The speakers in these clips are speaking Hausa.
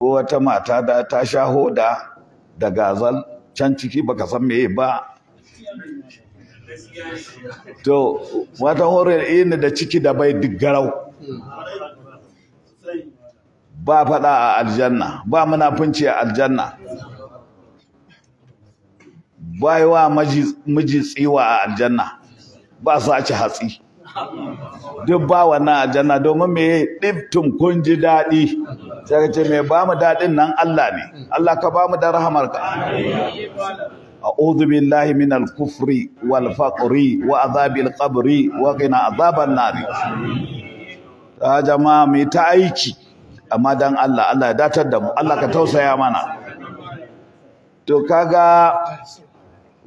ko wata mata da ta sha hoda da gazal can ciki baka san me ba to wata horar ina da ciki da bai diggarau ba fada a aljanna ba munafunci a aljanna ba wa miji tsiwa a aljanna ba su ci hatsi duk ba wannan aljanna domin me ɗiftin kun ji daɗi sai ce mai ba mu daɗin nan Allah ne Allah ka ba mu da rahamar ka a uzubi Allah kufri wal faqri wa azabi al wa azaban nar ta jama'a mai ta aiki amma dan Allah Allah ya datar da mu Allah ka tausaya mana to kaga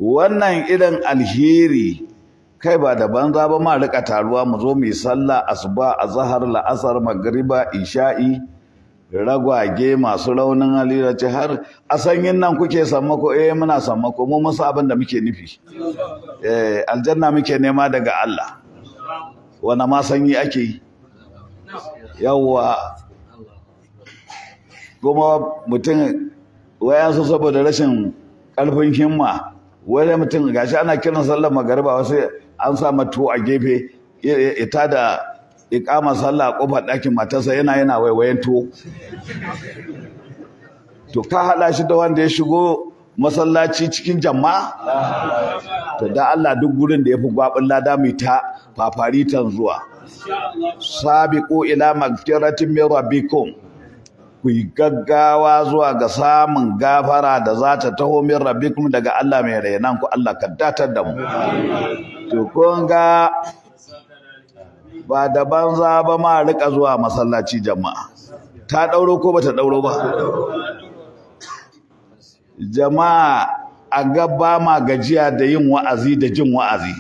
wannan irin alheri kai ba da banza ba ma rika taruwa mu zo mu yi sallah asuba zahar la'asar magariba isha'i ragwage masu raunin halira ce har a sanyin nan kuke sammako eh muna sammako mu musu abin da muke nufi eh aljanna muke nema daga Allah wani ma sanyi ake yi goma kuma mutum wayansu saboda rashin ƙarfin himma wani mutum gashi ana kiran sallar magariba wasu an sa mato a gefe ita da ikama sallah a kofar ɗakin matarsa yana yana waiwayen tuwo to ka haɗa shi da wanda ya shigo masallaci cikin jama'a to da Allah duk gurin da ya fi gwabin lada mai ta fafaritan zuwa sabiqu ila magfiratin min rabbikum ku yi gaggawa zuwa ga samun gafara da za ta taho min rabbikum daga Allah mai raina ku Allah ka datar da mu to ba da banza ba ma rika zuwa masallaci jama'a ta dauro ko bata dauro ba jama'a a gaba ma gajiya da yin wa'azi da jin wa'azi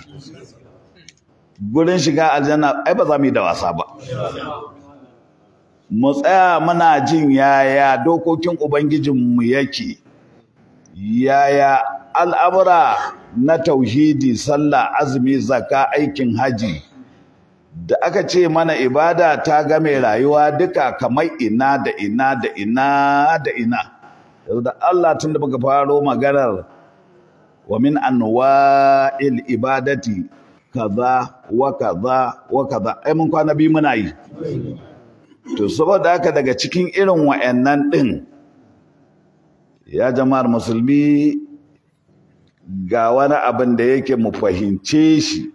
gurin shiga aljanna ai ba za mu yi da wasa ba mu tsaya muna jin yaya dokokin ubangijinmu yake yaya al'amura na tauhidi sallah azumi zaka aikin haji da aka ce mana ibada ta game rayuwa duka kamar ina da ina da ina da ina da Allah tun da muka faro maganar wa min anwa'il ibadati kaza wa kaza wa kaza ai mun kwana biyu muna yi to saboda haka daga cikin irin wa'annan din ya jama'ar musulmi ga wani abin da yake mu fahimce shi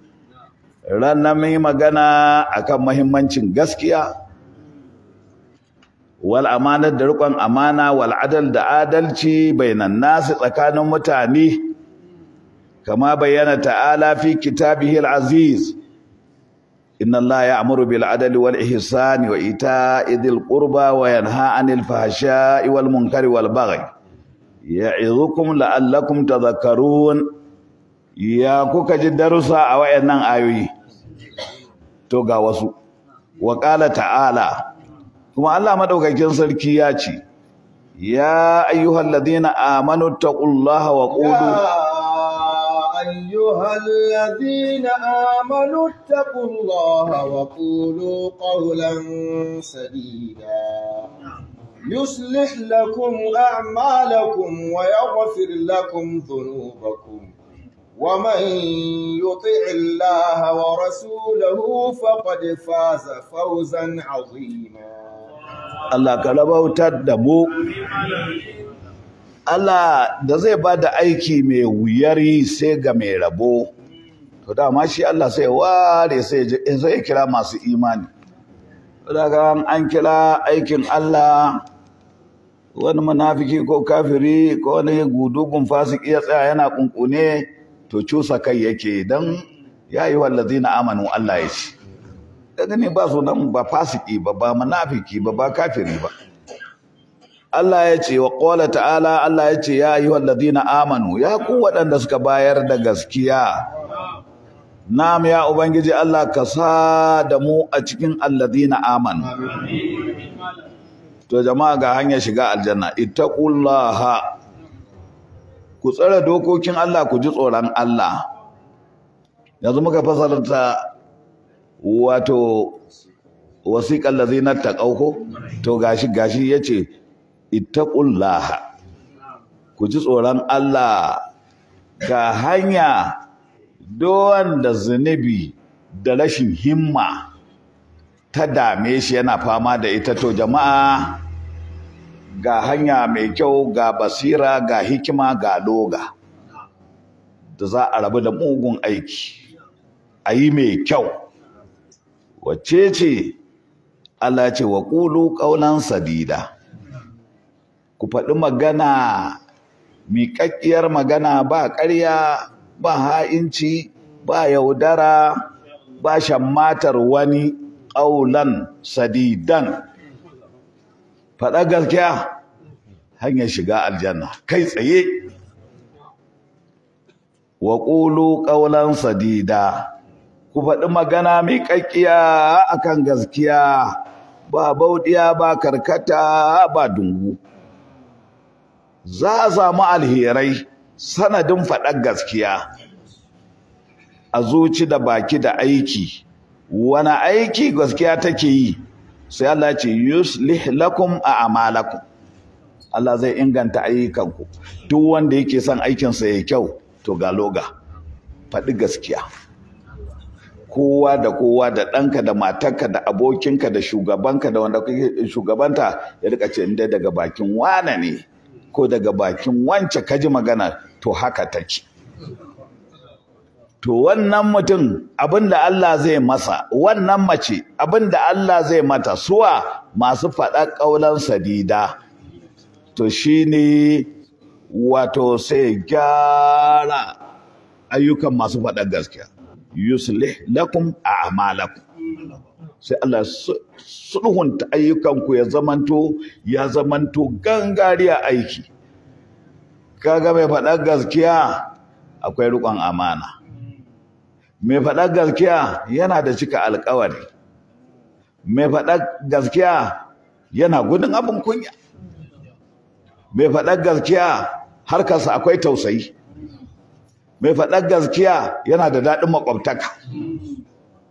ranar mai magana akan mahimmancin gaskiya wal da riƙon amana wal adal da adalci bainan nasu tsakanin mutane kama bayyana ta'ala fi kitabihi al-aziz inna allaha ya'muru bil adli wal ihsani wa ita'i dhil qurba wa yanha 'anil fahsha'i wal munkari wal baghi ya'idhukum la'allakum tadhakkarun ya kuka ji darussa a wayannan ayoyi to ga wasu wa qala ta'ala kuma Allah madaukakin sarki ya ce ya ayyuhal ladina amanu taqullaha wa qulu أيها الذين آمنوا wa الله وقولوا قولا سديدا ومن يطع الله ورسوله فقد فاز فوزا عظيما الله كلبه تدمو Allah da zai ba da aiki mai wuyari sai ga mai rabo, to dama shi Allah sai ware sai ya kira masu imani. Daga an kira aikin Allah wani munafiki ko kafiri ko wani gudugun fasik iya tsaya yana kunkune to cusa kai yake don ya yi na amanu Allah ya ce daga ne ba su nan ba fasiki ba ba munafiki ba ba kafiri ba Allah ya ce wa qala ta'ala Allah ya ce ya ayyuhal ladina amanu ya ku waɗanda suka bayar da gaskiya nam ya ubangiji Allah ka sa da mu a cikin na amanu to jama'a ga hanyar shiga aljanna ittaqullaha ku tsara dokokin Allah ku ji tsoron Allah yanzu muka fasalta wato wasiƙar lazinar ta ƙauko to gashi gashi ya ce ittaqullaha ku ji tsoron Allah ga hanya dowan da zunubi da rashin himma ta dame shi yana fama da ita to jama'a ga hanya mai kyau ga basira ga hikima ga loga da za a rabu da mugun aiki a yi mai kyau wacce ce Allah ce wa ƙulu ƙaunan sadida ku faɗi magana miƙaƙƙiyar magana ba ƙarya ba ha'inci ba yaudara ba shammatar wani ƙaunan sadidan faɗa gaskiya hanyar shiga aljanna kai tsaye wa ƙulu ƙaunar sadida ku faɗi magana mai ƙaƙƙiya akan gaskiya ba bauɗiya ba karkata ba dungu za a samu alherai sanadin faɗar gaskiya a zuci da baki da aiki wani aiki gaskiya take yi sai Allah ce yuslih lakum a amalakum Allah zai inganta ayyukanku duk wanda yake son aikinsa ya kyau to ga faɗi gaskiya kowa da kowa da ɗanka da matarka da abokinka da shugabanka da wanda shugabanta ya rika ce inda daga bakin wane ne ko daga bakin wance kaji magana to haka take to wannan mutum abin da Allah zai masa wannan mace abin da Allah zai mata suwa masu faɗa ƙaunar sadida to shi ne wato sai gyara ayyukan masu faɗa gaskiya Yusli lakum a amalakum sai Allah sulhunta ayyukanku ya zamanto ya zamanto gangariya aiki kaga mai faɗa gaskiya akwai riƙon amana mai faɗar gaskiya yana da cika alkawari mai faɗar gaskiya yana gudun abin kunya mai faɗar gaskiya harkarsa akwai tausayi mai faɗar gaskiya yana da daɗin makwabtaka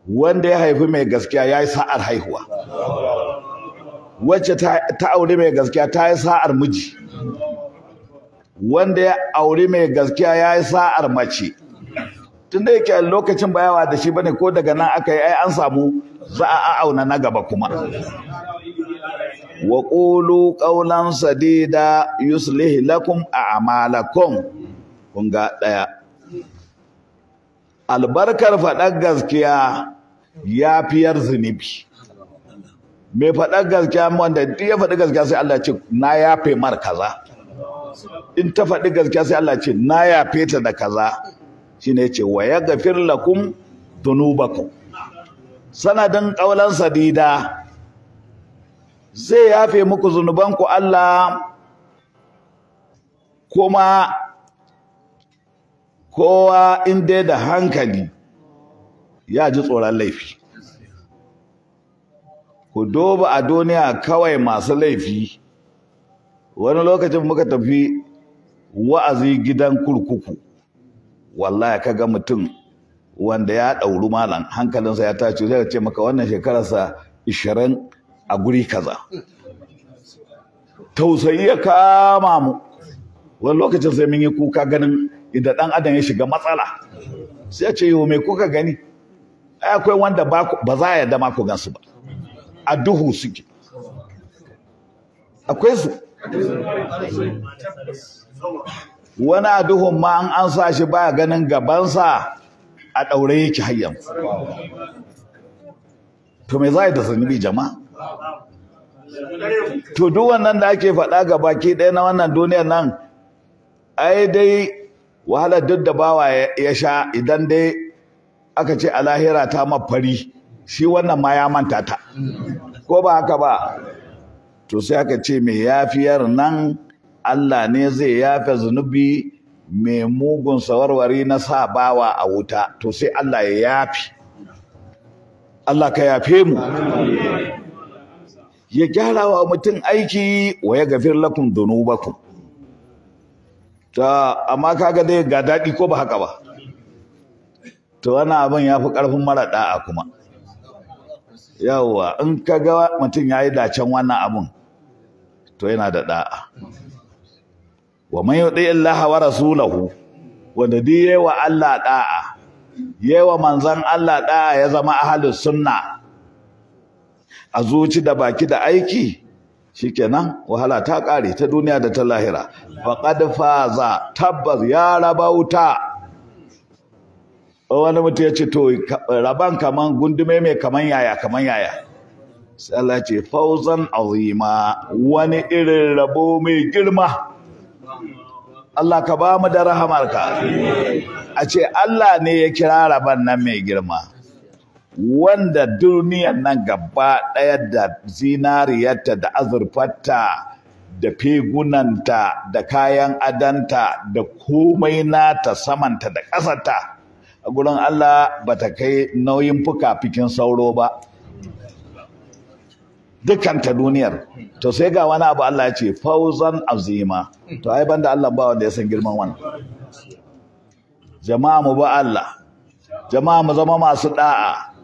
wanda ya haifi mai gaskiya ya yi sa'ar haihuwa wacce ta aure mai gaskiya ta yi sa'ar miji wanda ya aure mai gaskiya ya yi sa'ar mace tunda yake a lokacin bayawa da shi bane ko daga nan aka yi ai an samu za a auna na gaba kuma wa qulu qawlan sadida yuslih lakum a'malakum kun ga daya albarkar fadar gaskiya ya fiyar zunubi mai fadar gaskiya wanda duk ya faɗi gaskiya sai Allah ce na yafe mar kaza in ta faɗi gaskiya sai Allah ce na yafe ta da kaza shine yace wa yaghfir lakum tunubaku? sanadin kaulan sadida zai yafe muku zunuban ku, Allah kuma kowa in dai da hankali ya ji tsoron laifi ku doba a duniya kawai masu laifi wani lokacin muka tafi wa'azi gidan kurkuku wallahi ka ga mutum wanda ya ɗauru malam hankalinsa ya tashi zai ce maka wannan shekararsa ishirin a guri kaza tausayi ya kama mu wani lokacin sai mun yi kuka ganin idan ɗan adam ya shiga matsala sai ce yau mai kuka gani akwai wanda ba za a yarda ma gan gansu ba a duhu suke akwai su wani aduhun ma an an sa shi baya ganin gabansa a ɗaure yake hayyan to me za da zunubi jama'a to duk wannan da ake faɗa ga baki ɗaya na wannan duniyar nan ai dai wahalar duk da bawa ya sha idan dai aka ce a lahira ta mafari shi wannan ma ya manta ta ko ba haka ba to sai aka ce mai yafiyar nan Allah ne zai yafe zunubi mai mugun sawarwari na sa bawa a wuta to sai Allah ya yafi Allah ka yafe mu ya gyara wa mutum aiki wa ya gafir lakum dhunubakum ta amma kaga dai ga daɗi ko ba haka ba to wani abin ya fi ƙarfin mara ɗa'a kuma yawwa in ka ga mutum ya yi dacen wannan abin to yana da ɗa'a wa man yuti Allah wa rasulahu wanda di yayi wa Allah da'a yayi wa manzan Allah da'a ya zama ahlus sunna a zuci da baki da aiki shikenan wahala ta kare ta duniya da ta lahira faqad faza tabbas ya raba wuta wani mutu ya ce to raban kaman gundume mai kaman yaya kaman yaya sai Allah ce fauzan azima wani irin rabo mai girma Allah ka ba mu da rahamarka a ce Allah ne ya kira raban nan mai girma wanda duniyan nan gaba ɗaya da zinariyarta da azurfarta da figunanta, da kayan adanta da komai nata samanta da ƙasarta a gurin Allah ba ta kai nauyin fuka fikin sauro ba dukkan ta duniyar to sai ga wani abu Allah ya ce fauzan azima to ai banda Allah ba wanda ya san girman wannan jama'a mu ba Allah jama'a mu zama masu da'a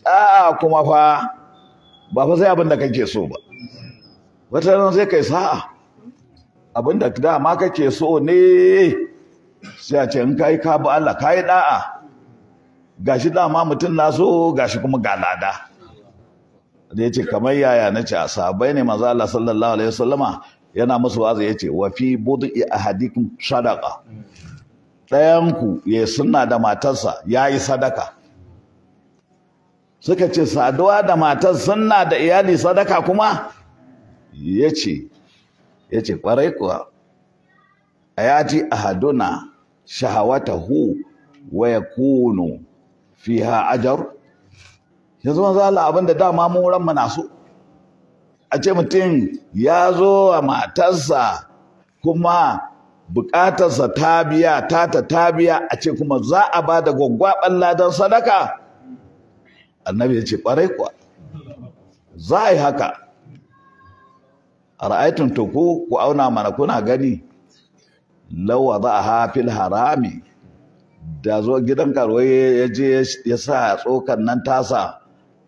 da'a kuma fa ba fa sai abin da kake so ba wata ran sai kai sa'a abin da ma kake so ne sai a ce in kai ka ba Allah kai da'a gashi ma mutum na so gashi kuma ga lada da ce, kamar yaya ce, sahabbai ne maza Allah sallallahu alaihi wasallama yana musu wazi yace wa fi i ahadikum sadaqa ɗayan ku ya sunna da matarsa ya yi sadaka suka ce saduwa da matar sunna da iyali sadaka kuma Ya ce kwarai kuwa a Haduna ahaduna hu wa kuno fiha ajar yanzu wanzu Allah abin da dama mu na so a ce mutum ya zo a matarsa kuma bukatarsa ta biya ta ta ta biya a ce kuma za a ba da gwaggwaɓan ladan sadaka annabi ya ce ƙwarai kuwa za a yi haka a ra'aitun to ku auna mana kuna gani lawa za a hafil harami da zo gidan karuwa ya je ya sa tsokan nan tasa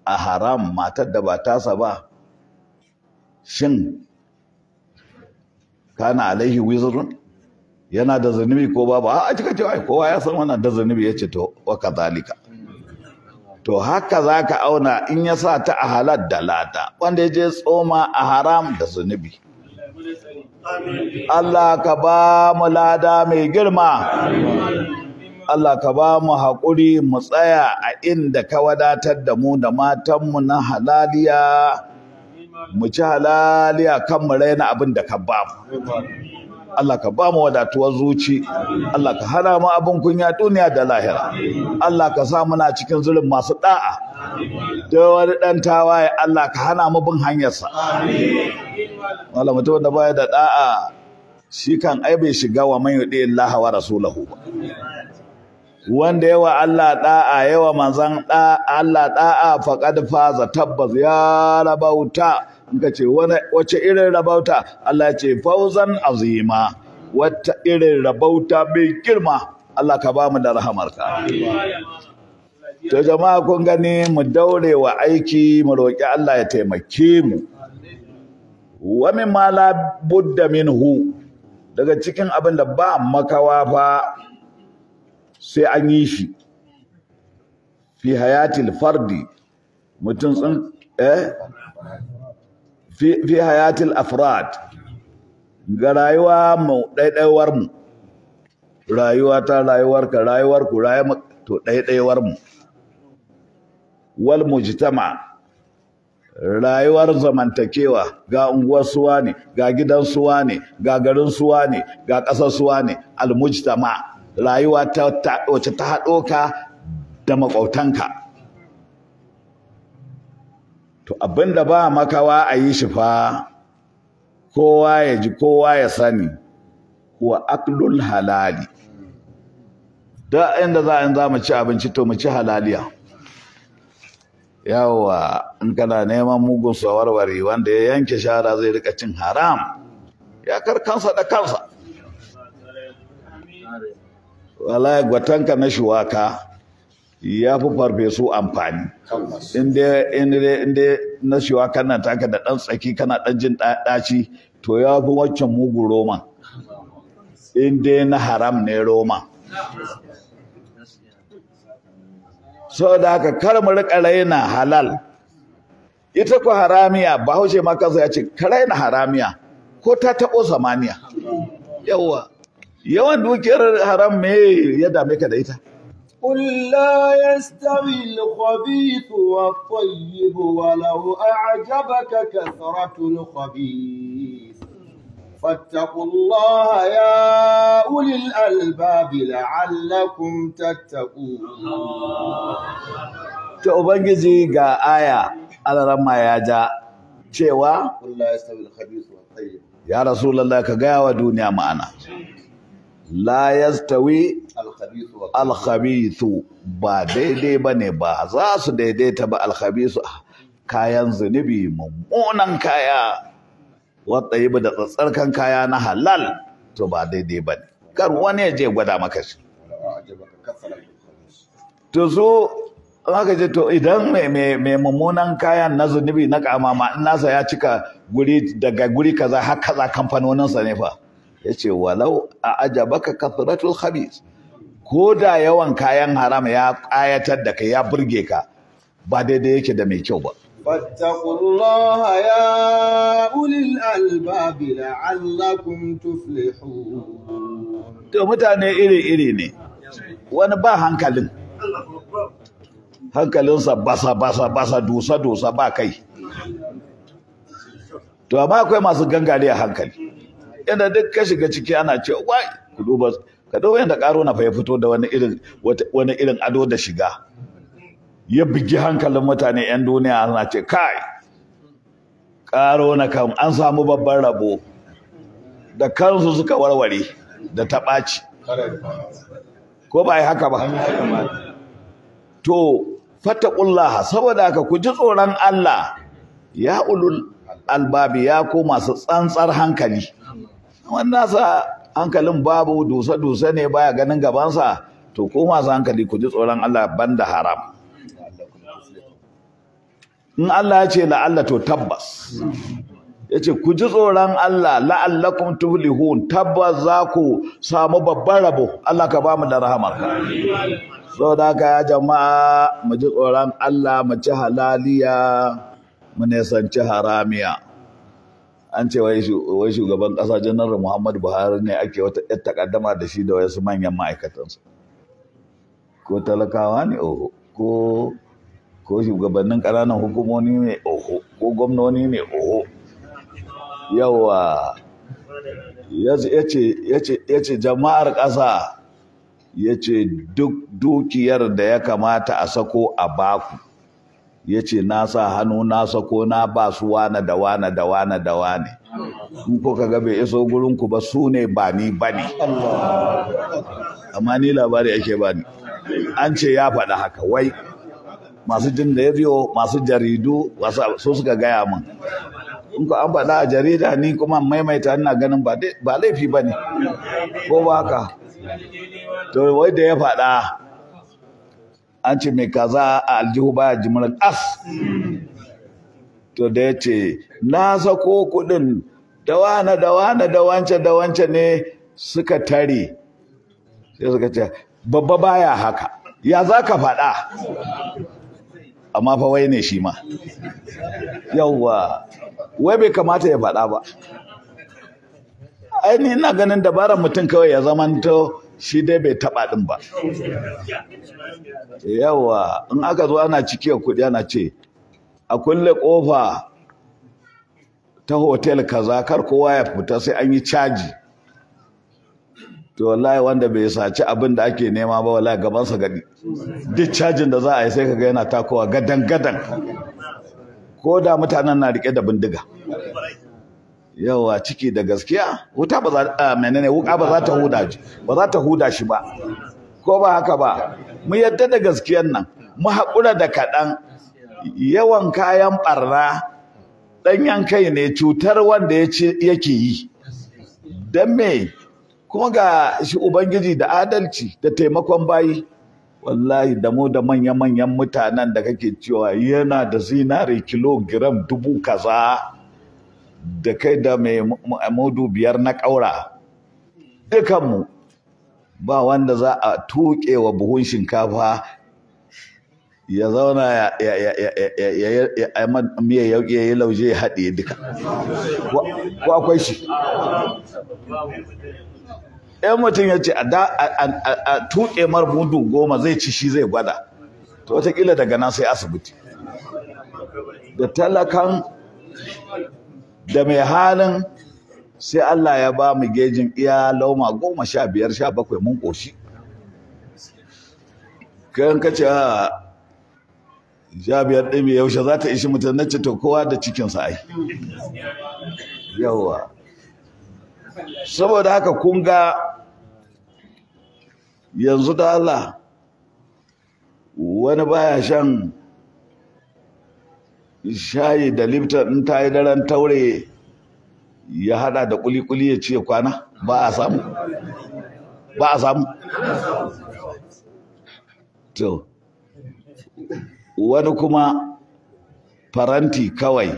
a haram matar da ba tasa ba shin kana alaihi wizrun yana da zunubi ko babu a cika cewa kowa ya san wannan da zunubi ya ce to wa kazalika to haka za ka auna in ya sa ta a halar da lada wanda ya je tsoma a haram da zunubi Allah ka ba mu lada mai girma Allah ka ba mu haƙuri mu tsaya a inda ka wadatar da mu da matanmu na halaliya mu ci halaliya kan mu raina abin da ka ba mu Allah ka ba mu wadatuwar zuci Allah ka hana mu abin kunya duniya da lahira Allah ka sa muna cikin zurin masu ɗa'a. da wani dan tawaye Allah ka hana mu bin hanyarsa wala mutum da baya da ɗa'a shi kan ai bai shiga wa man yudi Allah wa rasulahu ba wanda yawa Allah ɗa'a yawa manzan Allah ɗa'a faƙad faza tabbas ya rabauta in ka ce wace irin rabauta Allah ce fauzan azima wata irin rabauta mai girma Allah ka ba mu da rahamarka to jama'a kun gani mu daure wa aiki mu roƙi Allah ya taimake mu wa min ma la budda minhu daga cikin abin da ba makawa fa sai an yi shi fi hayatil fardi mutum sun eh fi hayatil afrad ga rayuwa mu ɗaiɗaiwar mu rayuwa ta rayuwar ka rayuwar ku rayuwa to ɗaiɗaiwar mu wal mujtama rayuwar zamantakewa ga unguwar suwa ne ga gidan suwa ne ga garin suwa ne ga ƙasar suwa ne al mujtama rayuwa ta wacce ta haɗo ka da maƙwautanka to abin da ba makawa a yi shi fa kowa ya ji kowa ya sani wa aklul halali da inda za za mu ci abinci to mu ci halaliya yawa in kana neman mugun sawarware wanda ya yanke shara zai rika cin haram ya kansa da kansa wallahi gwatanka na shuwaka ya fi farfesu amfani inda na shuwaka na taka da ɗan tsaki kana ɗan jin ɗaci to ya fi waccan mugu roma inda na haram ne roma saboda haka kar mu rika raina halal ita ku haramiya bahaushe ma kansa ya ce ka raina haramiya ko ta taɓo samaniya yawwa yawan dukiyar haram me ya dame ka da ita قل لا يستوي الخبيث والطيب walau أعجبك كثرة الخبيث فاتقوا الله ya أولي الألباب لعلكم تتقون ta Ubangiji ga aya alarama ya ja cewa ya Rasulallah ka gaya wa duniya ma'ana la yastawi alkhabithu ba daidai ba ne ba za su daidaita ba alkhabithu kayan zunubi mummunan kaya wata yi da tsatsarkan kaya na halal to ba daidai ba ne kar wani ya je gwada maka shi to so haka ce to idan mai mummunan kayan na zunubi na kamama nasa ya cika guri daga guri kaza har kaza kamfanoninsa ne fa Ya ce, walau a ajabaka kafiratul khabis ko da yawan kayan haram ya ƙayatar da kai ya burge ka ba daidai yake da mai kyau ba فاتقوا ya يا to mutane iri-iri ne wani ba hankalin hankalinsa basa basa basa dusa dusa ba kai to ba akwai masu gangare a hankali yana duk ka shiga ciki ana ce wai ku duba ka yanda yadda na fa ya fito da wani irin wani irin ado da shiga ya bigi hankalin mutane yan duniya ana ce kai na kam an samu babban rabo da kansu suka warware da ta ɓaci ko ba yi haka ba to fattakullaha saboda haka ku ji tsoron Allah ya ulul albabi ya ko masu tsantsar hankali wanda sa hankalin babu dusa-dusa ne baya ganin gabansa to ko masu hankali ku ji tsoron Allah ban da haram in Allah ya ce la'alla to tabbas ya ce ku ji tsoron Allah la'allakum tuflihun tabbas za ku samu babban rabo Allah ka ba mu da so da haka ya jama'a mu ji tsoron Allah mu ci halaliya mu nisanci haramiya an ce wai shugaban ƙasa janar muhammadu buhari ne ake wata yar takaddama da shi da wasu manyan ma'aikatansa ko talakawa ne oho ko ko shugabannin ƙananan hukumoni ne oho ko gwamnoni ne oho yawa ya ce jama'ar ƙasa ya ce duk dukiyar da ya kamata a sako a baku ya ce na sa hannu na sako na ba su wane da wane da wane da wane in kuka ga bai iso gurinku ba su ne ba ni ba ne amma ni labari ake ba ni an ce ya faɗa haka wai masu jin da biyo masu jaridu su suka gaya min in ko an faɗa a jarida ni kuma maimaita ina ganin ba laifi ba ne ko ba haka to wai da ya faɗa an ce mai kaza a aljihu baya jimirin as to da ya ce na sako kuɗin da wane da wane da wance da wance ne suka tare sai suka ce babba baya haka ya za ka faɗa amma fa wai ne shi ma yauwa wai bai kamata ya faɗa ba ainihin ina ganin dabarar mutum kawai ya zamanta. shi dai bai taɓa ɗin ba yawa in aka zo ana cike kuɗi ana ce a kulle kofa ta hotel kaza kar kowa ya fita sai an yi caji to wallahi wanda bai saci abin da ake nema ba wallahi gabansa gadi duk cajin da za a yi sai kaga yana takowa gadan gadan ko da mutanen na rike da bindiga yawa ciki da gaskiya wuta ba za menene wuka ba za ta huda shi ba za ta huda shi ba ko ba haka ba mu yadda da gaskiyan nan mu haƙura da kaɗan yawan kayan ɓarna ɗanyen kai ne cutar wanda yake yi don me kuma ga shi ubangiji da adalci da taimakon bayi wallahi da mu da manya-manyan mutanen da kake cewa yana da zinari kilogiram dubu kaza da kai da mai mudu biyar na ƙaura dukanmu ba wanda za a tuƙe wa buhun shinkafa ya zauna ya yi lauje ya haɗe duka ko akwai shi ɗan mutum ya ce a tuƙe mar mudu goma zai ci shi zai gwada to watakila daga nan sai asibiti da talakan da mai halin sai Allah ya ba mu gejin iya lauma goma sha biyar sha bakwai mun ƙoshi kayan kace a sha biyar ɗin yaushe za ta ishi mutum ce to kowa da cikinsa ai yawa saboda haka kun ga yanzu da Allah wani baya shan shayi da limta in ta yi daren taure ya hada da kulikuli ya ce kwana ba a samu ba a samu to wani kuma faranti kawai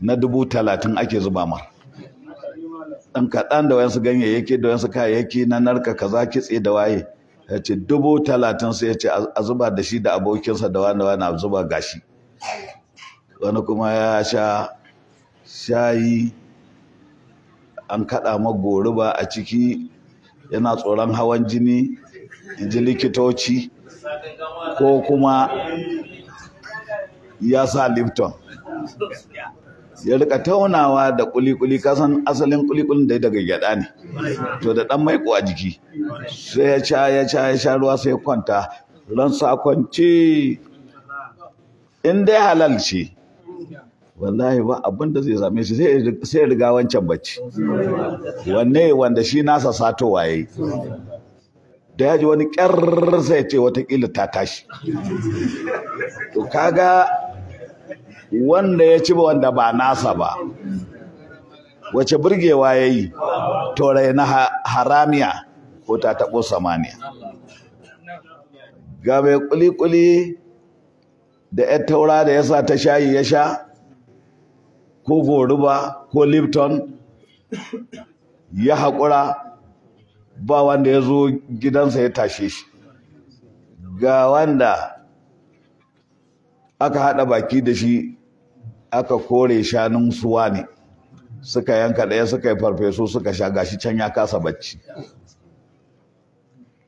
na dubu talatin ake zuba mar ɗan kaɗan da wayansu ganyayyaki da wayansu kayayyaki na narka kaza kitse da waye ya ce dubu talatin sai ya ce a zuba da shi da abokinsa da wani wani zuba gashi wani kuma ya sha shayi an kaɗa magoriba a ciki yana tsoron hawan jini ji likitoci ko kuma ya sa lipton ya rika taunawa da kulikuli kasan asalin kulikulin da daga gyada ne to da dan maiko a jiki sai ya sha ya sha ya sha ruwa sai kwanta ran sakwanci in dai halal ce wallahi ba abin da zai same shi sai ya riga wancan bacci wanne wanda shi nasa sato waye da ya ji wani kyar sai ce watakila ta tashi to kaga wanda ya ci wanda ba nasa ba wace burgewa ya yi torai na haramiya ko ta taɓo samaniya ga mai kuli da ya taura da ya sa ta shayi ya sha ko goruba ko lipton ya haƙura ba wanda ya zo gidansa ya tashe shi ga wanda aka haɗa baki da shi aka kore shanun suwa ne suka yanka ɗaya suka yi farfesu suka sha gashi can ya kasa bacci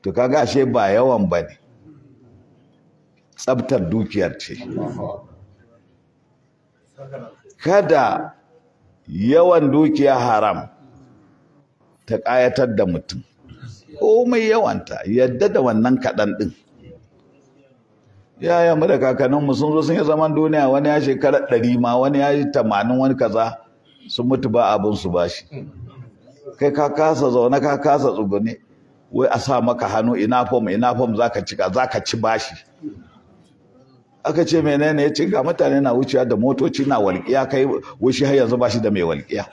to ka ashe ba yawan ba ne tsabtar dukiyar ce kada yawan dukiya haram ta ƙayatar da mutum komai yawanta yadda da wannan kaɗan ɗin yaya mu da kakanninmu sun zo sun yi zaman duniya wani ya shekara ɗari ma wani ya yi tamanin wani kaza sun mutu ba abin su ba shi kai ka kasa zaune ka kasa tsugune wai a sa maka hannu ina fom ina fom za ka cika za ka ci bashi aka ce menene ya ce ga mutane na wucewa da motoci na walƙiya kai wushi har yanzu ba shi da mai walƙiya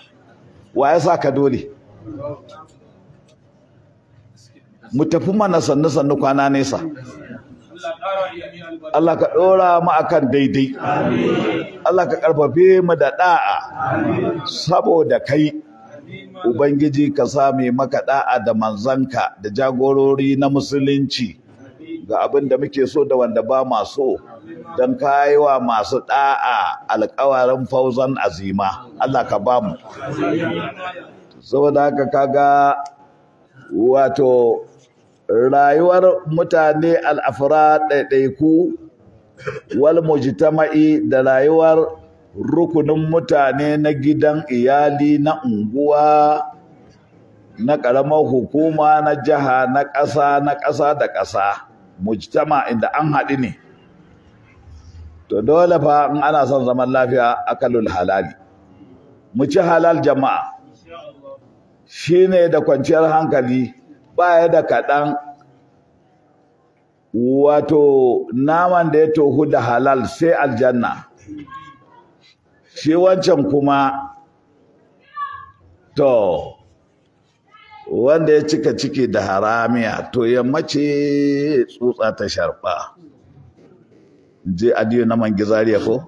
wa ya sa ka dole mu tafi mana sannu sannu kwana nesa Allah ka ɗora mu akan daidai Allah ka ƙarfafe mu da ɗa'a saboda kai Ubangiji ka sami maka ɗa'a da manzanka da jagorori na musulunci ga abin da muke so da wanda ba ma so don kayiwa masu ɗa'a alkawarin fauzan azima Allah ka ba mu saboda haka kaga wato rayuwar mutane al'afira ɗaiɗaiku wal mujtama'i da rayuwar rukunin mutane na gidan iyali na unguwa na ƙaramar hukuma na jiha na ƙasa na ƙasa da ƙasa mujtama inda an haɗu ne to dole fa in ana son zaman lafiya akalul halali mu ci halal jama'a shine da kwanciyar hankali baya da kaɗan wato naman da ya tohu da halal sai aljanna shi wancan kuma to wanda ya cika ciki da haramiya to ya mace tsutsa ta sharba je adiyo na mangizariya ko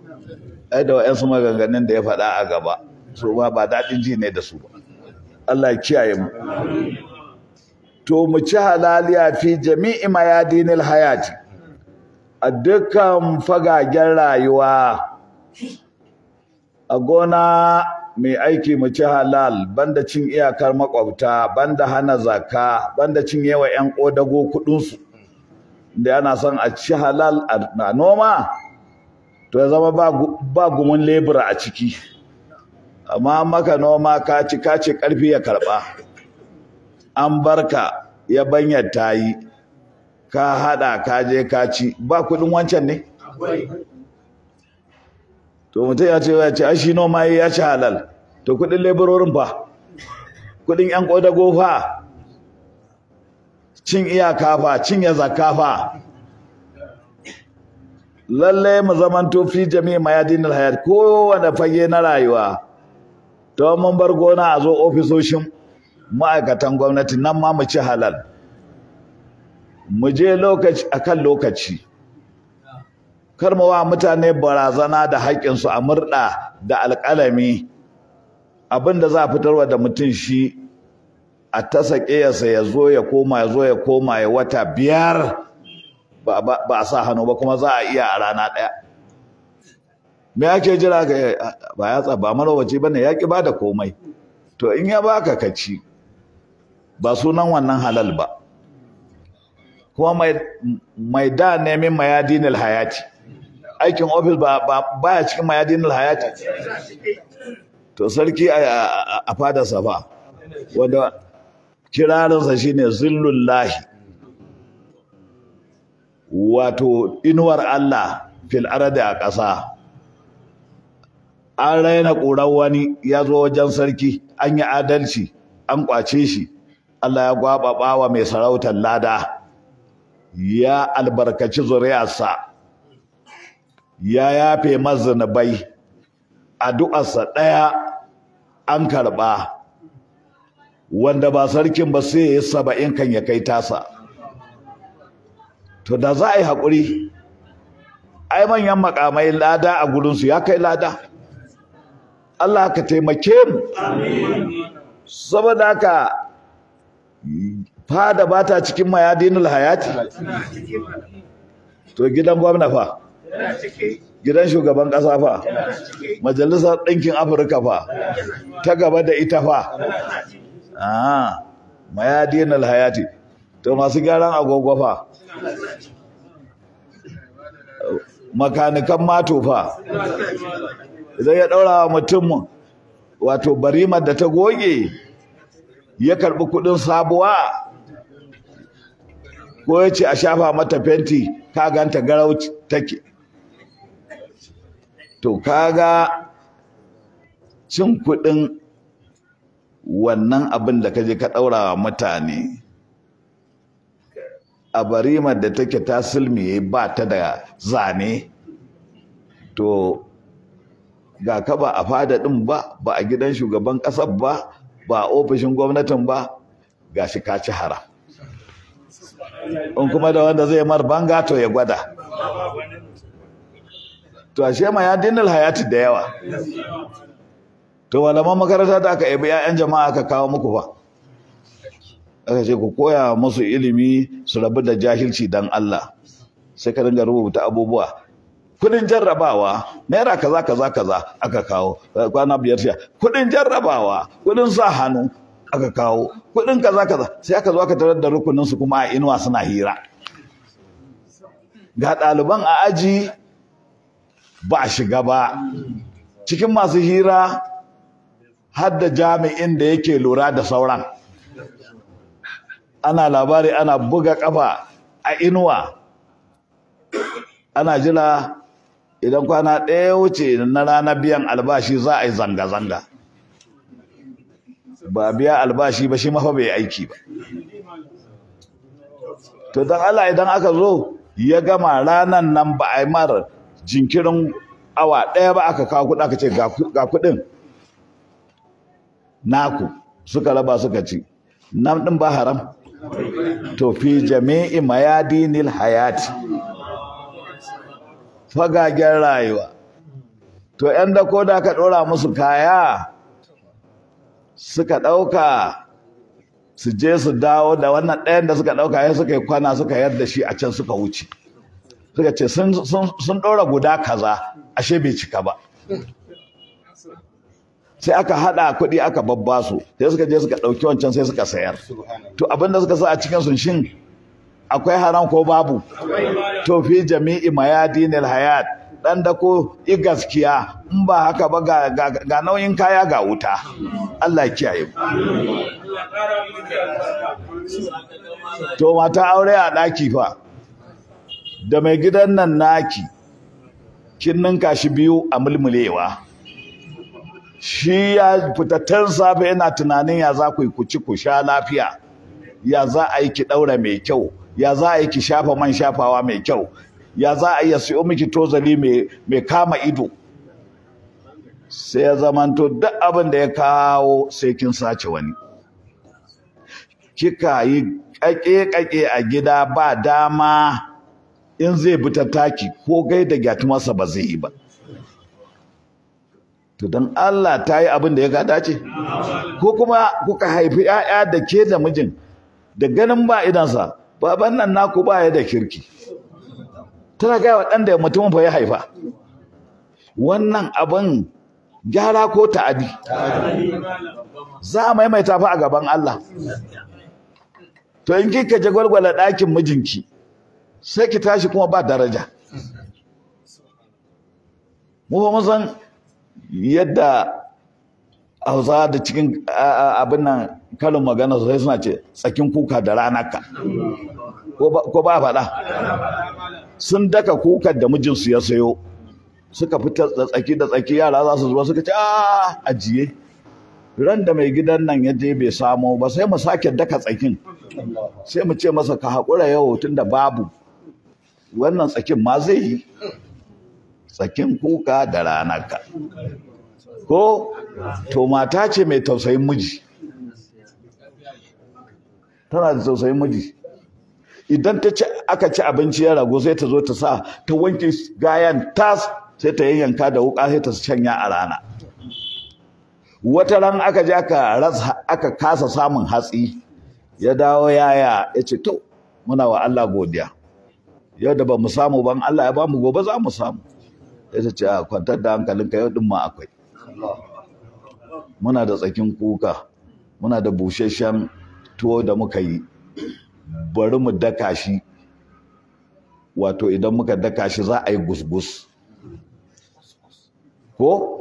ai da wa'yansu maganganun da ya faɗa a gaba su ma ba daɗin ji ne da su ba Allah ya kiyaye mu to mu ci halaliya fi jami'i mayadinil hayati a dukkan fagagen rayuwa a gona mai aiki mu ci halal banda cin iyakar makwabta banda hana zaka banda cin yawa yan kodago su da yana son a ci halal a noma to ya zama ba gumin lebura a ciki amma maka noma ka ci ka ce karfi ya karba an barka ya banyar tayi ka hada ka je ka ci ba kudin wancan ne to mutum ya ce ya ce shi noma ya ci halal to kudin leburorin fa Kudin yan koda fa cin iyaka fa ya zakka fa lalle mu zaman fi jami'i mayadinil hayat wanda fage na rayuwa to mun bar gona a zo ofisoshin ma'aikatan gwamnati nan ma mu ci halal mu je lokaci akan lokaci kar wa mutane barazana da haƙƙinsu a murɗa da alƙalami abin da za a fitarwa da mutum shi a ta saƙiyarsa ya zo ya koma ya zo ya koma ya wata biyar ba a sa hannu ba kuma za a iya a rana ɗaya me ake jira ga ba ya tsaba marawaci ba ne ya ƙi ba da komai to in ya baka ka ci ba sunan wannan halal ba kuma mai da nemin mayadinil hayati aikin ofis ba ya cikin mayadin alhayati to sarki a fadarsa ba wanda kirarinsa shine zillullahi wato inuwar Allah fil ardi a ƙasa an raina ƙuran wani ya zo wajen sarki an yi adalci an ƙwace shi Allah ya gwaɓaɓa wa mai sarautar lada ya albarkaci zuriyarsa ya yafe mazanabai addu'arsa ɗaya an karɓa wanda ba sarkin ba sai ya saba'in kan ya kai tasa to da za a yi haƙuri ai manyan makamai lada a gurinsu ya kai lada Allah ka taimake mu saboda haka fada ba ta cikin mayadinul hayati to gidan gwamna fa gidan shugaban ƙasa fa majalisar ɗinkin afirka fa ta gaba da ita fa ah mayadin alhayati to masu gyaran agogo fa makanikan mato fa idan ya ɗaura wa mutum wato barimar da ta goge ya karɓi kuɗin sabuwa ko ya ce a shafa mata fenti ka ganta garau take to kaga cin kuɗin wannan abin da ka je ka ɗaura wa mutane a barimar da take ta ya ba ta da zane to ga ka ba a fada ɗin ba ba a gidan shugaban ƙasar ba ba ofishin gwamnatin ba ga shi ka ci haram in kuma da wanda zai mar banga to ya gwada to ashe ma ya dinnal hayati da yawa to malaman makaranta da aka yabi 'ya'yan jama'a aka kawo muku ba? aka ce ku koya musu ilimi su rabu da jahilci dan Allah sai ka dinga rubuta abubuwa kudin jarrabawa naira kaza kaza kaza aka kawo kwana biyar sha kudin jarrabawa kudin sa hannu aka kawo kudin kaza kaza sai aka zo aka tarar da rukunin su kuma a inuwa suna hira ga ɗaliban a aji ba a shiga ba cikin masu hira har da jami'in da yake lura da sauran ana labari ana buga kafa a inuwa ana jira idan kwana ɗaya wuce na rana biyan albashi za a yi zanga-zanga ba biya albashi ba shi mafa bai aiki ba to don Allah idan aka zo ya gama ranan nan ba a yi mara jinkirin awa ɗaya ba aka kawo kuɗi aka ce ga kuɗin naku suka raba suka ci nan ɗin ba haram to fi jami'i mayadinil hayati fagagen rayuwa to 'yan da da ka ɗora musu kaya suka ɗauka su je su dawo da wannan ɗayan da suka ɗauka ya suka yi kwana suka yarda shi a can suka wuce suka ce sun ɗora guda kaza ashe bai cika ba sai aka haɗa kuɗi aka babba su sai suka je suka ɗauki wancan sai suka sayar to abin suka sa a cikin sun shin akwai haram ko babu to fi jami'i mayadinil hayat dan da ko i gaskiya in ba haka ba ga, nauyin kaya ga wuta Allah ya kiyaye mu to mata aure a ɗaki fa da mai gidan nan naki kin ninka shi biyu a mulmulewa shi ya fitattun safe yana tunanin ya za ku yi kuci ku sha lafiya ya za a yi ki ɗaura mai kyau ya za a yi ki shafa man shafawa mai kyau ya za a yi iya siyo miki tozali mai kama ido sai ya zamanto duk abin da ya kawo sai kin sace wani kika yi kake-kake a gida ba dama in zai bi ta taki ko gai gaida gyatumarsa ba zai yi ba to don Allah ta yi abin da ya gada ce ko kuma kuka haifi 'ya'ya da ke da mijin da ganin ba idansa baban nan naku ba ya da kirki tana gaya wa ɗan da mutumin fa ya haifa wannan abin gyara ko ta'adi za a maimaita fa a gaban Allah to in kika je ɗakin mijinki sai ki tashi kuma ba daraja mu ba san yadda hausa da cikin abin nan kalin magana sai suna ce tsakin kuka da ranaka ko ba faɗa sun daka kukan da mijinsu ya sayo suka fita da tsaki da tsaki yara za su zuwa suka ce a ah, ajiye ran da mai gidan nan ya je bai samo ba sai mu sake daka tsakin sai mu ce masa ka haƙura yau tun da babu wannan tsakin ma zai yi tsakin kuka da ranarka ko to mata ce mai tausayin miji tana da tausayin miji idan ta ci aka ci abinci ya rago sai ta zo ta sa ta wanke gayan tas sai ta yanyanka da wuka sai ta canya a rana wata ran aka ji aka rasa aka kasa samun hatsi ya dawo yaya ya ce to muna wa Allah godiya yau da ba mu samu ban Allah ya ba mu gobe za mu samu ya ce a kwantar da hankalinka yau din ma akwai muna da tsakin kuka muna da busasshen tuwo da muka yi bari mu daka shi wato idan muka daka shi za a yi gusgus ko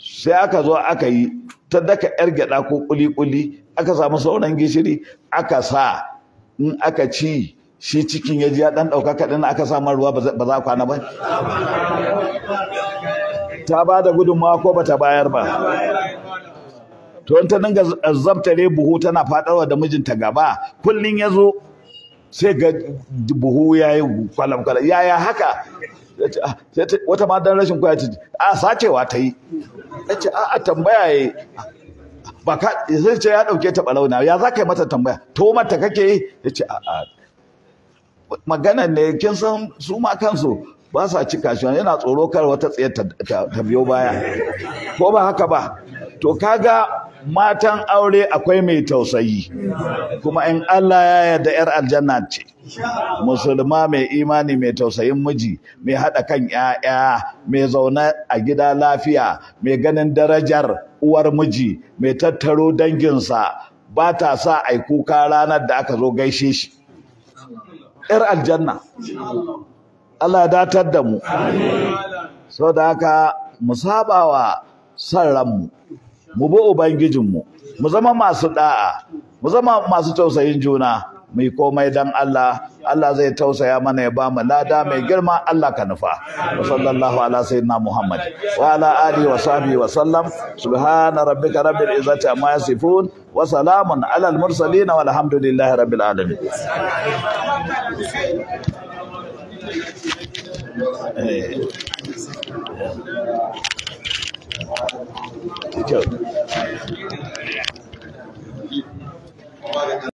sai aka zo aka yi ta daka yar gyada ko kuli-kuli aka samu sauran gishiri aka sa in aka ci shi cikin ya ji ya ɗan ɗauka kaɗan aka samar ruwa ba za a kwana ba? Ta ba da gudunmawa ko ba ta bayar ba. To ta dinga zabtare buhu tana faɗarwa da mijinta gaba kullum ya zo sai ga buhu ya yi kwalam yaya haka ah, wata ma don rashin kwaya a sacewa ta yi a tambaya ya ba ka sai ce ya dauke ta ɓalauna ya za ka yi mata tambaya to mata kake yi ya ce a'a magana ne kin san su ma kansu ba sa cika shi yana tsoro kar wata tsaye ta biyo baya ko ba haka ba to kaga matan aure akwai mai tausayi kuma in Allah ya yarda yar aljanna ce musulma mai imani mai tausayin miji mai haɗa kan 'ya'ya mai zaune a gida lafiya mai ganin darajar uwar miji mai tattaro danginsa ba ta sa ai kuka ranar da aka zo gaishe shi 'yar aljanna Allah datar da mu so da haka mu saba wa san ranmu mu bi ubangijinmu mu zama masu da'a mu zama masu tausayin juna Mai komai dan Allah Allah zai tausaya mana ya ba mu lada mai girma Allah ka nufa wa sallallahu ala sayyidina Muhammad wa ala alihi wa sahbihi wa sallam subhana rabbika rabbil izzati amma yasifun wa salamun ala al mursalin walhamdulillahi rabbil alamin eh. Thank you.